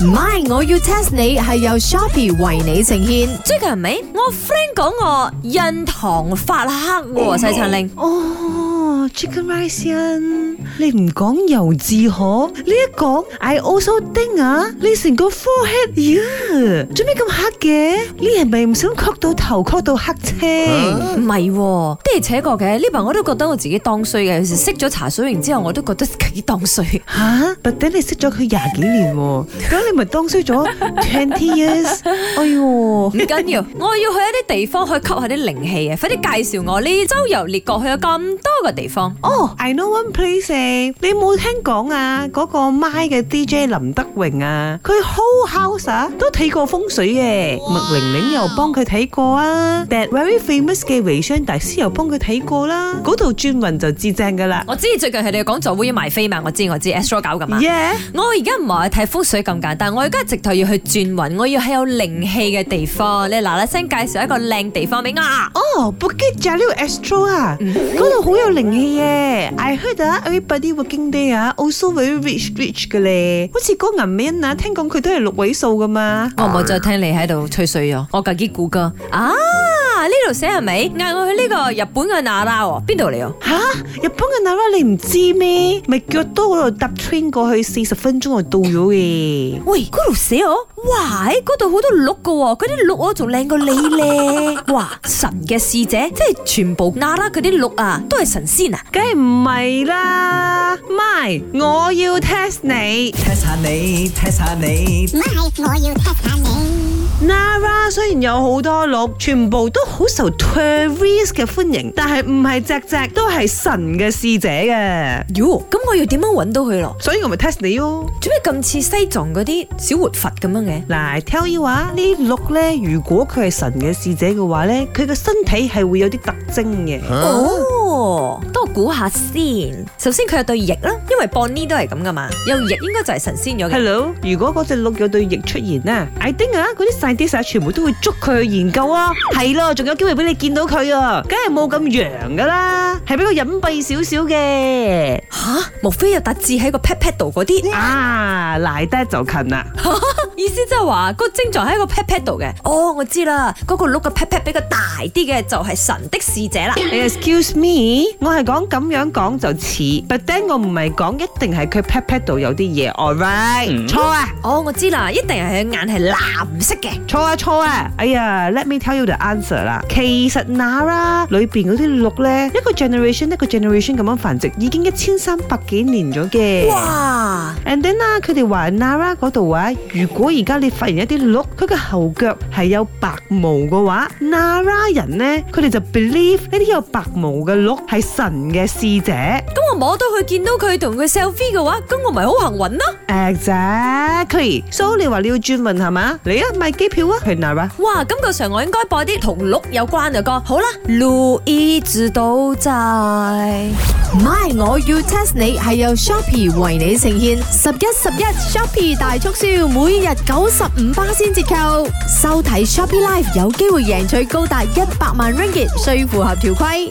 唔係，我要 test 你係由 Shoppy 為你呈現。最近係咪我 friend 講我印堂發黑？細陳令哦，Chicken Rice In 你唔講猶自可你一講，I also think 啊，你成個 forehead，做咩咁黑嘅？你係咪唔想曲到頭曲到黑青？唔係、啊，哦、恰恰的而且確嘅呢排我都覺得我自己當衰嘅，有時識咗茶水型之後，我都覺得幾當衰。吓、啊，畢竟你識咗佢廿幾年，咁 咪當衰咗 twenty years，哎喲，唔緊要，我要去一啲地方去吸下啲靈氣啊！快啲介紹我，你周遊列國去咗咁多個地方。哦，I know one place，你冇聽講啊？嗰個 my 嘅 DJ 林德榮啊，佢好 house，都睇過風水嘅，麥玲玲又幫佢睇過啊，That very famous 嘅微商大師又幫佢睇過啦，嗰度轉運就至正噶啦。我知最近佢哋講座會要賣飛嘛，我知我知，Astro 搞噶嘛。Yeah，我而家唔係睇風水咁簡單。但我而家直頭要去轉運，我要喺有靈氣嘅地方。你嗱嗱聲介紹一個靚地方俾我。啊、oh, ja, mm.！哦，Bukit Jalil Astro，嗰度好有靈氣嘅。I heard everybody working there 啊，also very rich，rich 嘅 rich. 咧。好似嗰銀 man 啊，聽講佢都係六位數噶嘛。我唔好再聽你喺度吹水咗，我自己估噶。啊？喺呢度寫係咪？嗌我去呢個日本嘅娜拉喎，邊度嚟啊？吓，日本嘅娜拉你唔知咩？咪腳多嗰度搭 train 過去四十分鐘就到咗嘅。喂，嗰度寫我，哇！誒，嗰度好多鹿嘅喎，嗰啲鹿我仲靚過你咧。哇！神嘅使者，即係全部娜拉嗰啲鹿啊，都係神仙啊？梗係唔係啦，My！我要 test 你，test 下你，test 下你，My！我要 test 下你。Nara 雖然有好多鹿，全部都好受 tourist 嘅歡迎，但係唔係隻隻都係神嘅使者嘅。喲，咁我要點樣搵到佢咯？所以我咪 test 你咯。做咩咁似西藏嗰啲小活佛咁樣嘅？嗱，tell you 話呢鹿咧，如果佢係神嘅使者嘅話咧，佢嘅身體係會有啲特徵嘅。蛤哦多，多估、哦、下先。首先佢有對翼啦，因為布、bon、尼都係咁噶嘛，有翼應該就係神仙有咗。Hello，如果嗰隻鹿有對翼出現呢？艾丁啊，嗰啲細啲細全部都會捉佢去研究啊。係咯，仲有機會俾你見到佢啊，梗係冇咁揚噶啦，係比較隱蔽少少嘅。吓，莫非又特指喺個 pat pat 度嗰啲啊？嚟得就近啦。 意思即係話個症狀喺個 pet pet 度嘅。哦，我知啦，嗰、那個鹿嘅 pet pet 比較大啲嘅就係神的使者啦。Hey, excuse me，我係講咁樣講就似，b 但係我唔係講一定係佢 pet pet 度有啲嘢，all right？錯、mm hmm. 啊，哦，我知啦，一定係佢眼係藍色嘅，錯啊錯啊，啊 mm hmm. 哎呀，let me tell you the answer 啦，其實 Nara 裏邊嗰啲鹿咧，一個 generation 一個 generation 咁樣繁殖，已經一千三百幾年咗嘅。哇人哋啦，佢哋話 Nara 嗰度話，如果而家你發現一啲鹿，佢嘅後腳係有白毛嘅話，Nara 人咧，佢哋就 believe 呢啲有白毛嘅鹿係神嘅使者。咁我摸到佢見到佢同佢 selfie 嘅話，咁我咪好幸運咯。Exactly。So 你話你要轉問係嘛？嚟啊，買機票啊，去 Nara。哇，今個場我應該播啲同鹿有關嘅歌。好啦，路一直都在。MY，我要 test 你，係由 Shopee 為你呈現。十一十一，Shopee 大促銷，每日九十五巴仙折扣。收睇 Shopee Live 有機會贏取高達一百萬 Ringgit 需符合條規。